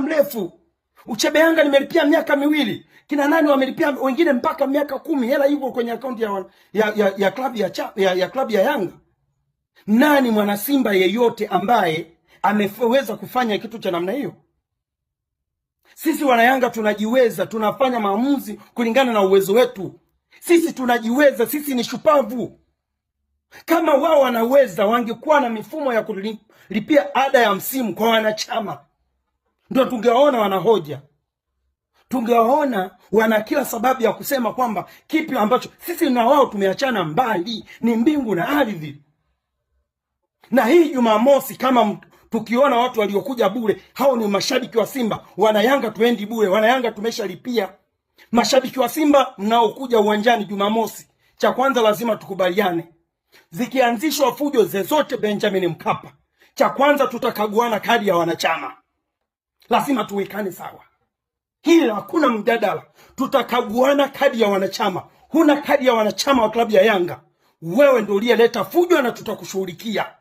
muda mrefu. Uchebe Yanga nimelipia miaka miwili, kina nani wamelipia wengine mpaka miaka kumi. Hela hivyo kwenye akaunti ya, ya, ya, ya klabu ya, ya, ya, klab ya Yanga. Nani mwanasimba yeyote ambaye ameweza kufanya kitu cha namna hiyo? Sisi wanayanga tunajiweza, tunafanya maamuzi kulingana na uwezo wetu. Sisi tunajiweza, sisi ni shupavu. Kama wao wanaweza, wangekuwa na mifumo ya kulipia ada ya msimu kwa wanachama ndo tungewaona wanahoja tungewaona wana kila sababu ya kusema kwamba kipi ambacho sisi na wao tumeachana mbali, ni mbingu na ardhi. Na hii Jumamosi kama tukiona watu waliokuja bure, hao ni mashabiki wa Simba. Wana Yanga tuendi bure, wana Yanga tumeshalipia. Mashabiki wa Simba mnaokuja uwanjani Jumamosi, cha kwanza lazima tukubaliane, zikianzishwa fujo zozote Benjamin Mkapa, cha kwanza tutakaguana kadi ya wanachama lazima tuwekane sawa. Hili hakuna mjadala, tutakaguana kadi ya wanachama. Huna kadi ya wanachama wa klabu ya Yanga, wewe ndio uliyeleta fujo na tutakushughulikia.